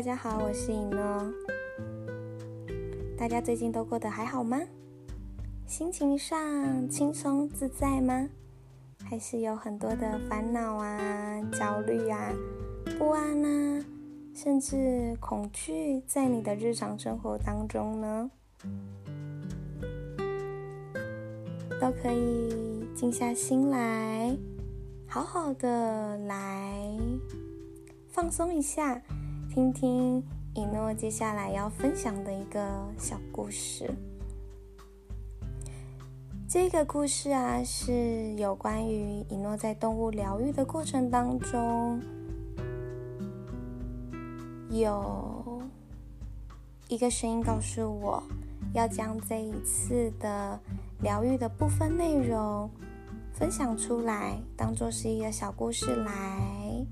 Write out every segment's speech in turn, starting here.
大家好，我是以諾。大家最近都過得還好嗎？心情上輕鬆自在嗎？還是有很多的煩惱啊、焦慮啊、不安啊，甚至恐懼，在你的日常生活當中呢？都可以靜下心來，好好的來放鬆一下。聽聽以諾接下來要分享的一個小故事。這個故事啊，是有關於以諾在動物療癒的過程當中，有一個聲音告訴我要將這一次的療癒的部分內容分享出來，當做是一個小故事來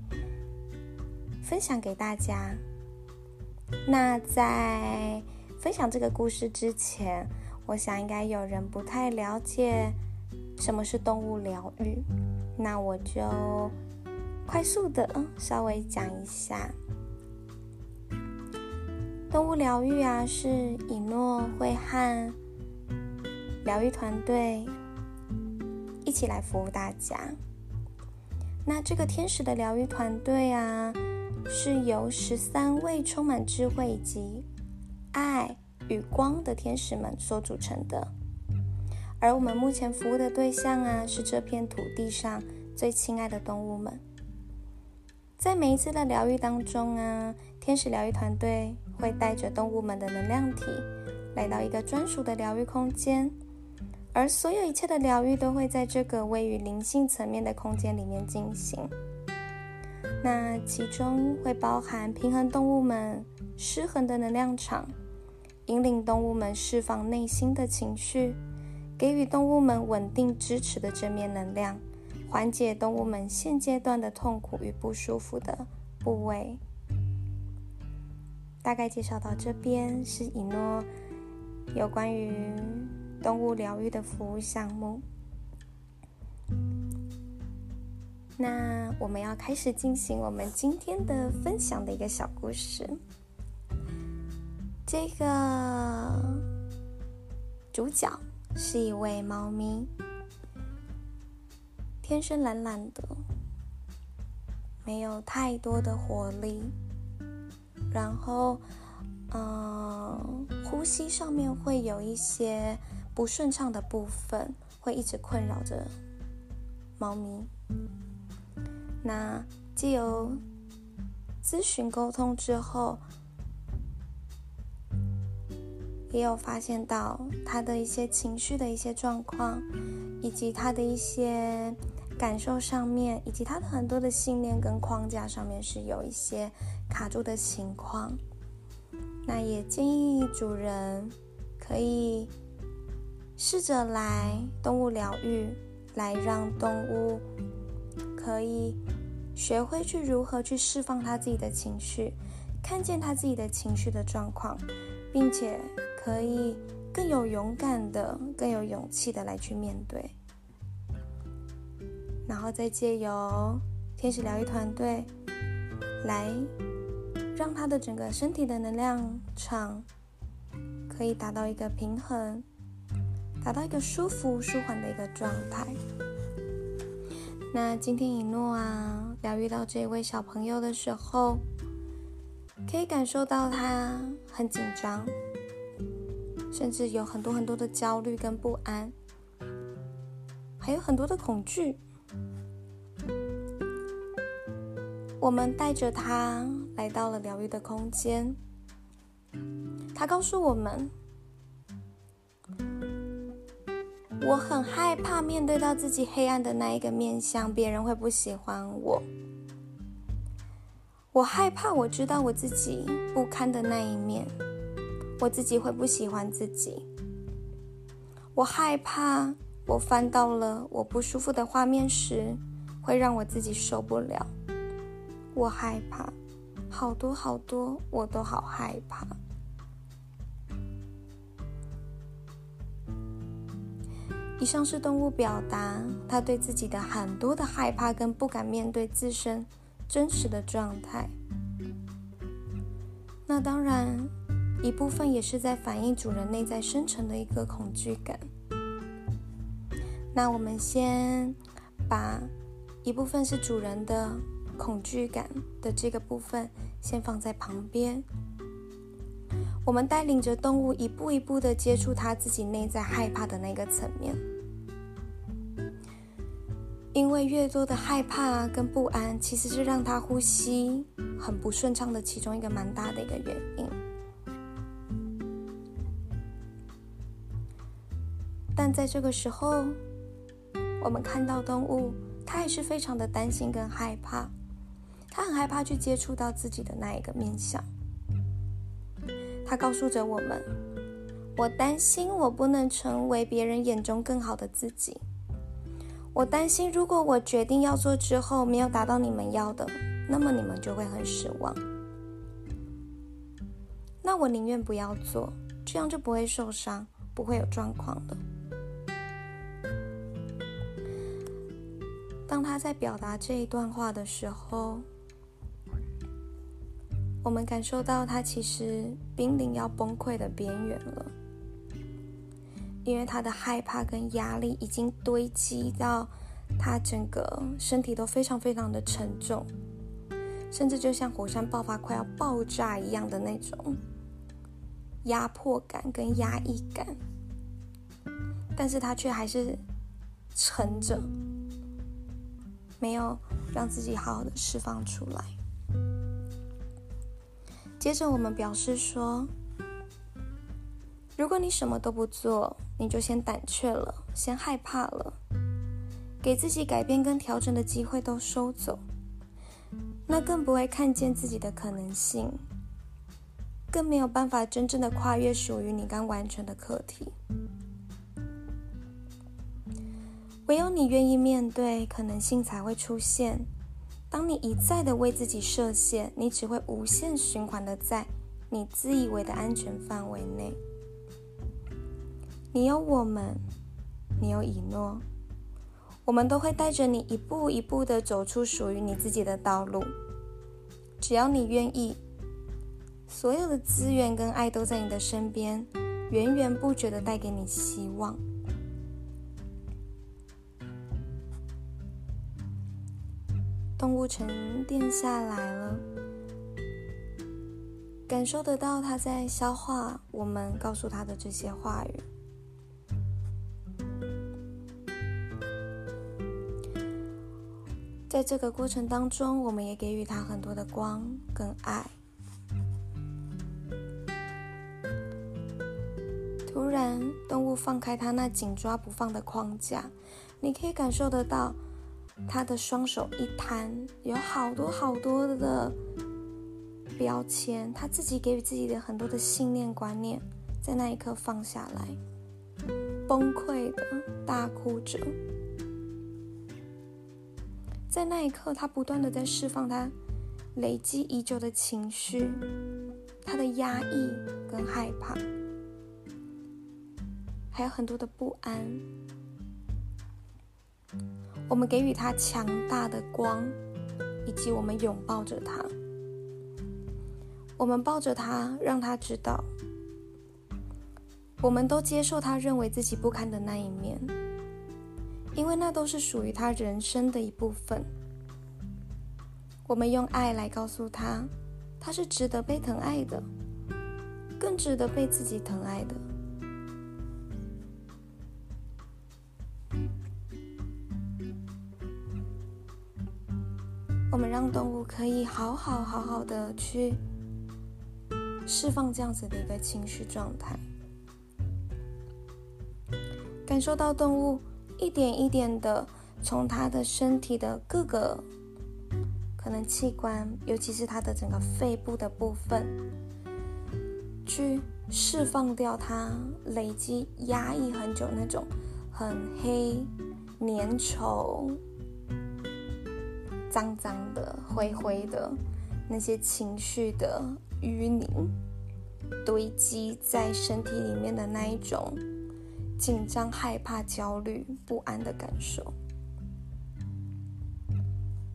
分享給大家。那在分享這個故事之前，我想應該有人不太了解什麼是動物療癒，那我就快速的、嗯、稍微講一下。動物療癒啊，是以諾會和療癒團隊一起來服務大家。那這個天使的療癒團隊啊。是由十三位充滿智慧以及愛與光的天使們所組成的。而我們目前服務的對象啊，是這片土地上最親愛的動物們。在每一次的療癒當中啊，天使療癒團隊會帶着動物們的能量體來到一個專屬的療癒空間，而所有一切的療癒都會在這個位於靈性層面的空間裡面進行。那其中會包含平衡動物們失衡的能量場，引領動物們釋放內心的情緒，給予動物們穩定支持的正面能量，緩解動物們現階段的痛苦與不舒服的部位。大概介紹到這邊，是以諾有關於動物療愈的服務項目。那我們要開始進行我們今天的分享的一個小故事。這個主角是一位貓咪，天生懶懶的，沒有太多的活力，然後，嗯，呼吸上面會有一些不順暢的部分，會一直困擾着貓咪。那藉由諮詢溝通之後，也有發現到他的一些情緒的一些狀況，以及他的一些感受上面，以及他的很多的信念跟框架上面是有一些卡住的情況。那也建議主人可以試着來動物療癒，來讓動物。可以學會去如何去釋放他自己的情緒，看見他自己的情緒的狀況，並且可以更有勇敢的、更有勇氣的來去面對，然後再借由天使療癒團隊來讓他的整個身體的能量場可以達到一個平衡，達到一個舒服、舒緩的一個狀態。那今天以諾啊，療癒到這位小朋友的時候，可以感受到他很緊張，甚至有很多很多的焦慮跟不安，還有很多的恐懼。我們帶着他來到了療癒的空間，他告訴我們。我很害怕面對到自己黑暗的那一個面相，別人會不喜歡我。我害怕我知道我自己不堪的那一面，我自己會不喜歡自己。我害怕我翻到了我不舒服的畫面時，會讓我自己受不了。我害怕，好多好多，我都好害怕。以上是動物表達他對自己的很多的害怕跟不敢面對自身真實的狀態。那當然，一部分也是在反映主人內在深層的一個恐懼感。那我們先把一部分是主人的恐懼感的這個部分先放在旁邊。我們帶領着動物一步一步的接觸他自己內在害怕的那個層面，因為越多的害怕、啊、跟不安，其實是讓他呼吸很不順暢的其中一個蠻大的一個原因。但在這個時候，我們看到動物，它還是非常的擔心跟害怕，它很害怕去接觸到自己的那一個面向。他告訴着我們：“我擔心我不能成為別人眼中更好的自己。我擔心如果我決定要做之後沒有達到你們要的，那麼你們就會很失望。那我寧願不要做，這樣就不會受傷，不會有狀況的。”當他在表達這一段話的時候。我們感受到他其實瀕臨要崩潰的邊緣了，因為他的害怕跟壓力已經堆積到他整個身體都非常非常的沉重，甚至就像火山爆發快要爆炸一樣的那種壓迫感跟壓抑感，但是他卻還是沉着，沒有讓自己好好的釋放出來。接着，我們表示說，如果你什麼都不做，你就先膽怯了，先害怕了，給自己改變跟調整的機會都收走，那更不會看見自己的可能性，更沒有辦法真正的跨越屬於你剛完成的課題。唯有你願意面對，可能性才會出現。你一再的為自己設限，你只會無限循環的在你自以為的安全範圍內。你有我們，你有以諾，我們都會帶着你一步一步的走出屬於你自己的道路。只要你願意，所有的資源跟愛都在你的身邊，源源不絕的帶給你希望。動物沉澱下來了，感受得到它在消化我們告訴它的這些話語。在這個過程當中，我們也給予它很多的光跟愛。突然，動物放開它那緊抓不放的框架，你可以感受得到。他的雙手一攤，有好多好多的標籤，他自己給予自己的很多的信念觀念，在那一刻放下來，崩潰的大哭着，在那一刻他不斷的在釋放他累積已久的情緒，他的壓抑跟害怕，還有很多的不安。我們給予他強大的光，以及我們擁抱着他。我們抱着他，讓他知道，我們都接受他認為自己不堪的那一面，因為那都是屬於他人生的一部分。我們用愛來告訴他，他是值得被疼愛的，更值得被自己疼愛的。我們讓動物可以好好好好的去釋放這樣子的一個情緒狀態，感受到動物一點一點的從它的身體的各個可能器官，尤其是它的整個肺部的部分，去釋放掉它累積壓抑很久那種很黑粘稠。髒脏的、灰灰的，那些情緒的淤泥堆積在身體裡面的那一種緊張、害怕、焦慮、不安的感受。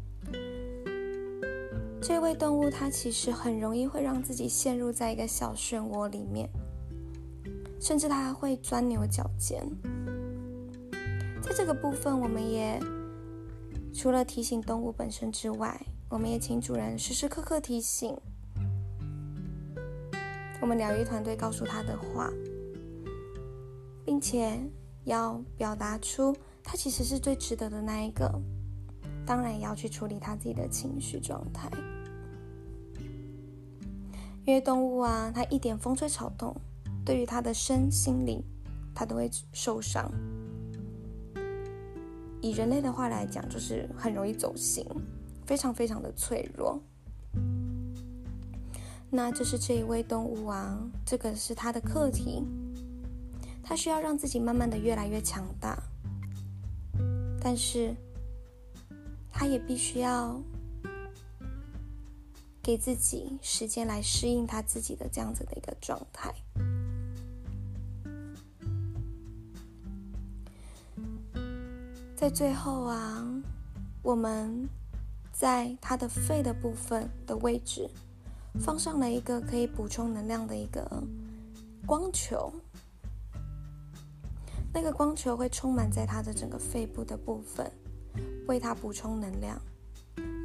這位動物它其實很容易會讓自己陷入在一個小漩渦裡面，甚至它還會鑽牛角尖。在這個部分，我們也。除了提醒動物本身之外，我們也請主人時時刻刻提醒我們療癒團隊告訴它的話，並且要表達出它其實是最值得的那一個。當然也要去處理它自己的情緒狀態，因為動物啊，它一點風吹草動，對於它的身心靈，它都會受傷。以人類的話來講，就是很容易走心，非常非常的脆弱。那就是這一位動物王，這個是他的課題，他需要讓自己慢慢的越來越強大，但是他也必須要給自己時間來適應他自己的這樣子的一個狀態。在最後啊，我們在他的肺的部分的位置，放上了一個可以補充能量的一個光球。那個光球會充滿在他的整個肺部的部分，為他補充能量。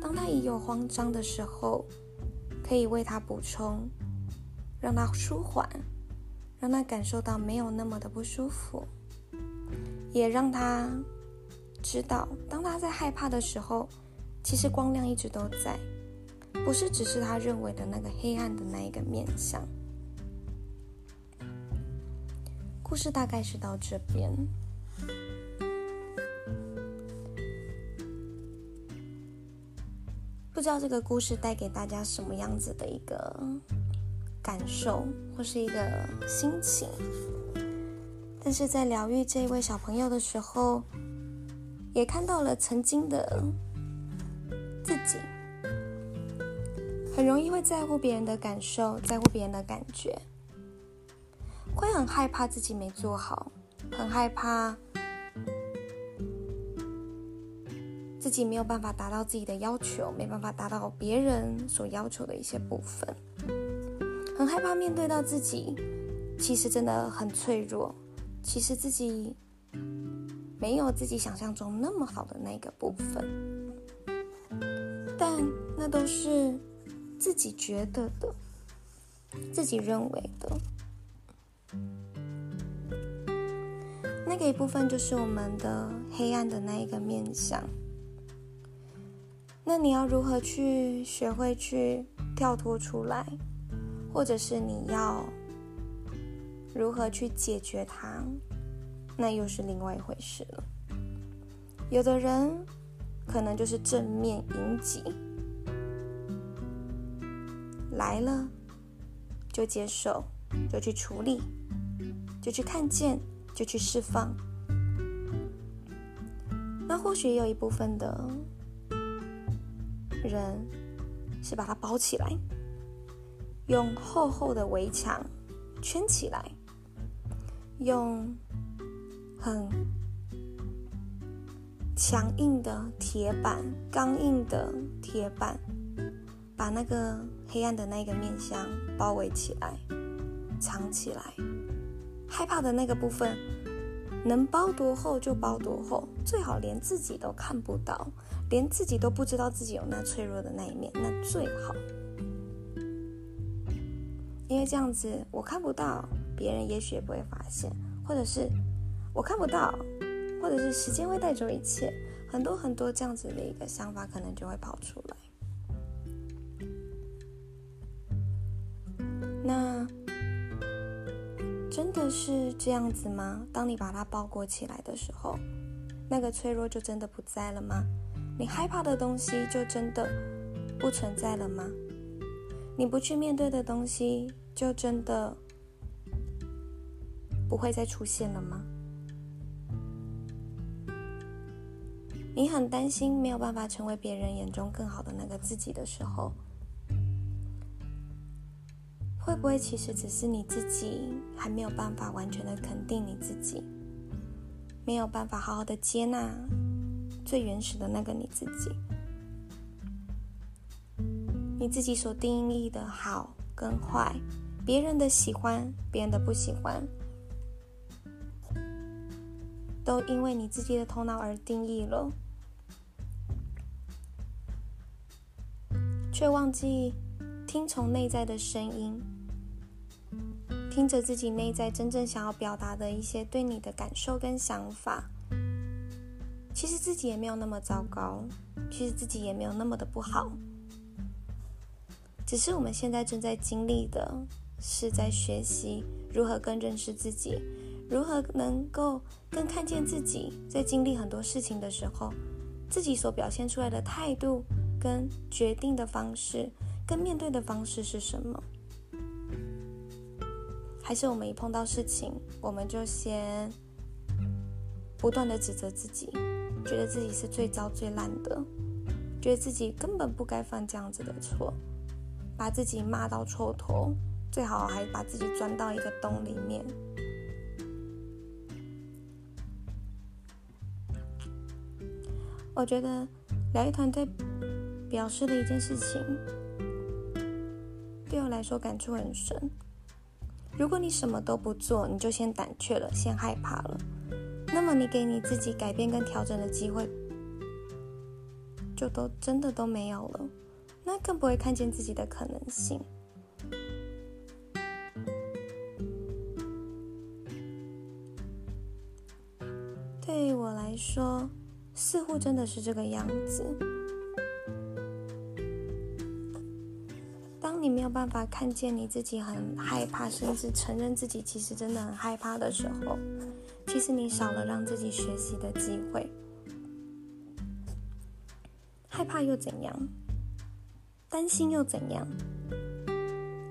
當他一有慌張的時候，可以為他補充，讓他舒緩，讓他感受到沒有那麼的不舒服，也讓他，知道，當他在害怕的時候，其實光亮一直都在，不是只是他認為的那個黑暗的那一個面向。故事大概是到這邊，不知道這個故事帶給大家什麼樣子的一個感受或是一個心情，但是在療癒這一位小朋友的時候。也看到了曾經的自己，很容易會在乎別人的感受，在乎別人的感覺，會很害怕自己沒做好，很害怕自己沒有辦法達到自己的要求，沒辦法達到別人所要求的一些部分，很害怕面對到自己，其實真的很脆弱，其實自己，沒有自己想象中那麼好的那個部分，但那都是自己覺得的、自己認為的。那個一部分就是我們的黑暗的那一個面向。那你要如何去學會去跳脫出來，或者是你要如何去解決它？那又是另外一回事了。有的人可能就是正面迎擊，來了就接受，就去處理，就去看見，就去釋放。那或許也有一部分的人是把它包起來，用厚厚的圍牆圈起來，用，很強硬的鐵板，剛硬的鐵板，把那個黑暗的那個面向包圍起來，藏起來，害怕的那個部分，能包多厚就包多厚，最好連自己都看不到，連自己都不知道自己有那脆弱的那一面，那最好，因為這樣子，我看不到，別人也許也不會發現，或者是。我看不到，或者是時間會帶走一切，很多很多這樣子的一個想法可能就會跑出來。那真的是這樣子嗎？當你把它包裹起來的時候，那個脆弱就真的不在了嗎？你害怕的東西就真的不存在了嗎？你不去面對的東西就真的不會再出現了嗎？你很擔心沒有辦法成為別人眼中更好的那個自己的時候，會不會其實只是你自己還沒有辦法完全的肯定你自己，沒有辦法好好的接納最原始的那個你自己？你自己所定義的好跟壞，別人的喜歡，別人的不喜歡，都因為你自己的頭腦而定義了。卻忘記聽從內在的聲音，聽着自己內在真正想要表達的一些對你的感受跟想法。其實自己也沒有那麼糟糕，其實自己也沒有那麼的不好。只是我們現在正在經歷的，是在學習如何更認識自己，如何能夠更看見自己，在經歷很多事情的時候，自己所表現出來的態度。跟決定的方式，跟面對的方式是什麼？還是我們一碰到事情，我們就先不斷的指責自己，覺得自己是最糟最爛的，覺得自己根本不該犯這樣子的錯，把自己罵到臭頭，最好還把自己鑽到一個洞裡面。我覺得療癒團隊。表示的一件事情，對我來說感觸很深。如果你什麼都不做，你就先膽怯了，先害怕了，那麼你給你自己改變跟調整的機會，就都真的都沒有了，那更不會看見自己的可能性。對於我來說，似乎真的是這個樣子。辦法看見你自己很害怕，甚至承認自己其實真的很害怕的時候，其實你少了讓自己學習的機會。害怕又怎樣？擔心又怎樣？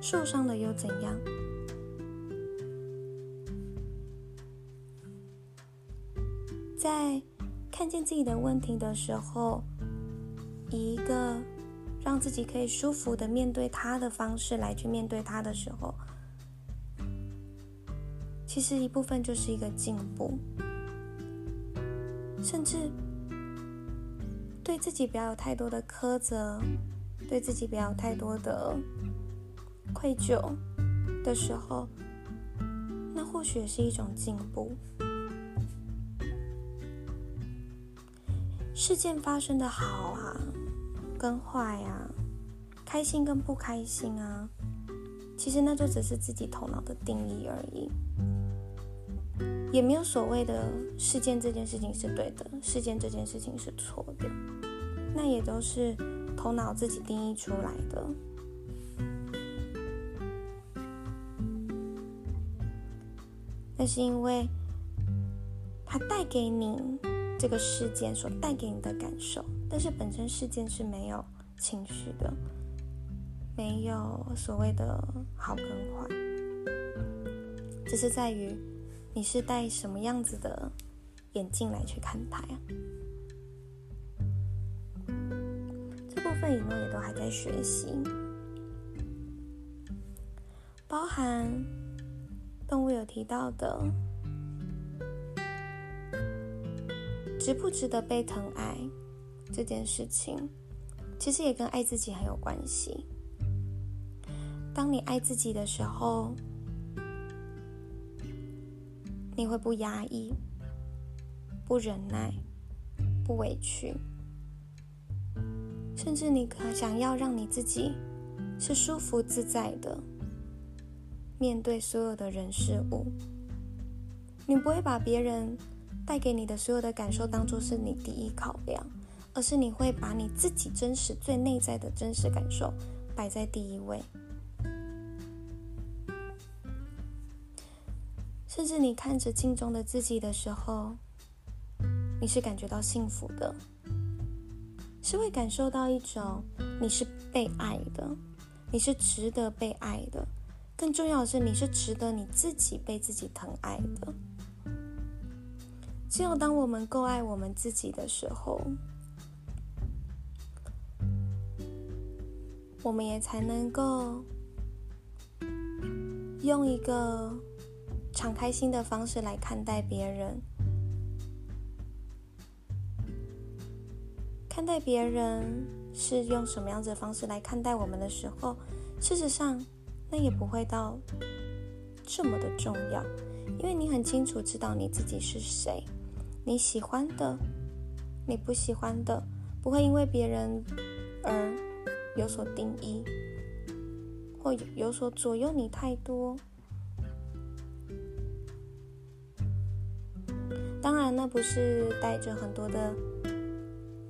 受傷了又怎樣？在看見自己的問題的時候，一個。讓自己可以舒服的面對他的方式來去面對他的時候，其實一部分就是一個進步。甚至對自己不要有太多的苛責，對自己不要有太多的愧疚的時候，那或許也是一種進步。事件發生的好啊。跟壞啊，開心跟不開心啊，其實那就只是自己頭腦的定義而已，也沒有所謂的事件這件事情是對的，事件這件事情是錯的，那也都是頭腦自己定義出來的。那是因為它帶給你這個事件所帶給你的感受。但是本身事件是沒有情緒的，沒有所謂的好跟壞，只是在於你是戴什麼樣子的眼鏡來去看它呀、啊？這部分以諾也都還在學習，包含動物有提到的，值不值得被疼愛？這件事情其實也跟愛自己很有關係。當你愛自己的時候，你會不壓抑、不忍耐、不委屈，甚至你可想要讓你自己是舒服自在的，面對所有的人事物，你不會把別人帶給你的所有的感受當做是你第一考量。而是你會把你自己真實、最內在的真實感受擺在第一位，甚至你看着鏡中的自己的時候，你是感覺到幸福的，是會感受到一種你是被愛的，你是值得被愛的。更重要的是，你是值得你自己被自己疼愛的。只有當我們夠愛我們自己的時候，我們也才能夠用一個敞開心的方式來看待別人，看待別人是用什麼樣子的方式來看待我們的時候，事實上那也不會到這麼的重要，因為你很清楚知道你自己是誰，你喜歡的，你不喜歡的，不會因為別人而。有所定義，或有所左右你太多。當然，那不是帶着很多的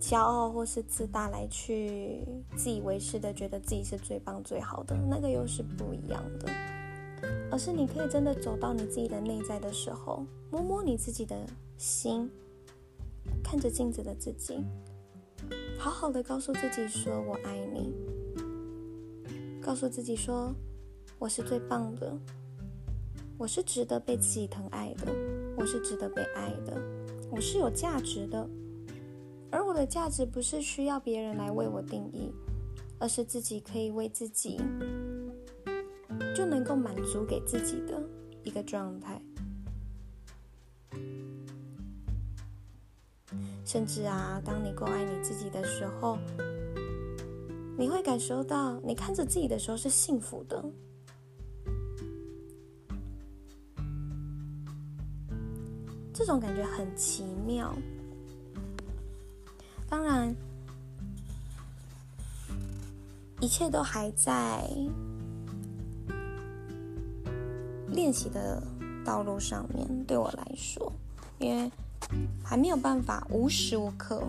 驕傲或是自大來去自以為是的，覺得自己是最棒最好的，那個又是不一樣的。而是你可以真的走到你自己的內在的時候，摸摸你自己的心，看着鏡子的自己。好好的告訴自己說“我愛你”，告訴自己說“我是最棒的”，我是值得被自己疼愛的，我是值得被愛的，我是有價值的。而我的價值不是需要別人來為我定義，而是自己可以為自己就能夠滿足給自己的一個狀態。甚至啊，當你夠愛你自己的時候，你會感受到你看着自己的時候是幸福的，這種感覺很奇妙。當然，一切都還在練習的道路上面，對我來說，因為。還沒有辦法無時無刻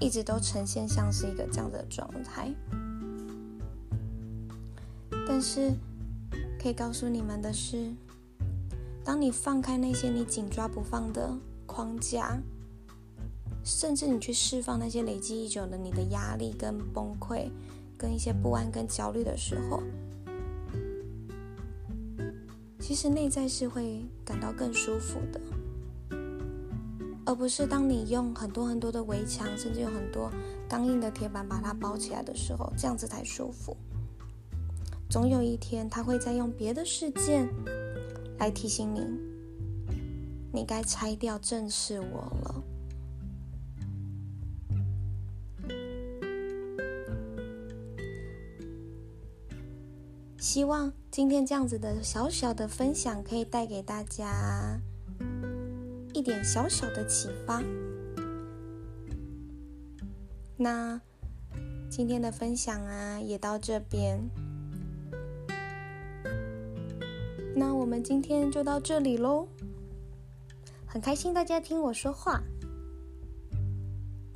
一直都呈現像是一個這樣的狀態，但是可以告訴你們的是，當你放開那些你緊抓不放的框架，甚至你去釋放那些累積已久的你的壓力跟崩潰，跟一些不安跟焦慮的時候，其實內在是會感到更舒服的。而不是當你用很多很多的圍牆，甚至有很多剛硬的鐵板把它包起來的時候，這樣子才舒服。總有一天，他會再用別的事件來提醒你，你該拆掉、正視我了。希望今天這樣子的小小的分享可以帶給大家。一點小小的啟發。那今天的分享啊，也到這邊。那我們今天就到這裡嘍，很開心大家聽我說話。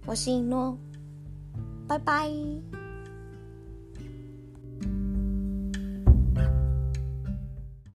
我是以諾，拜拜。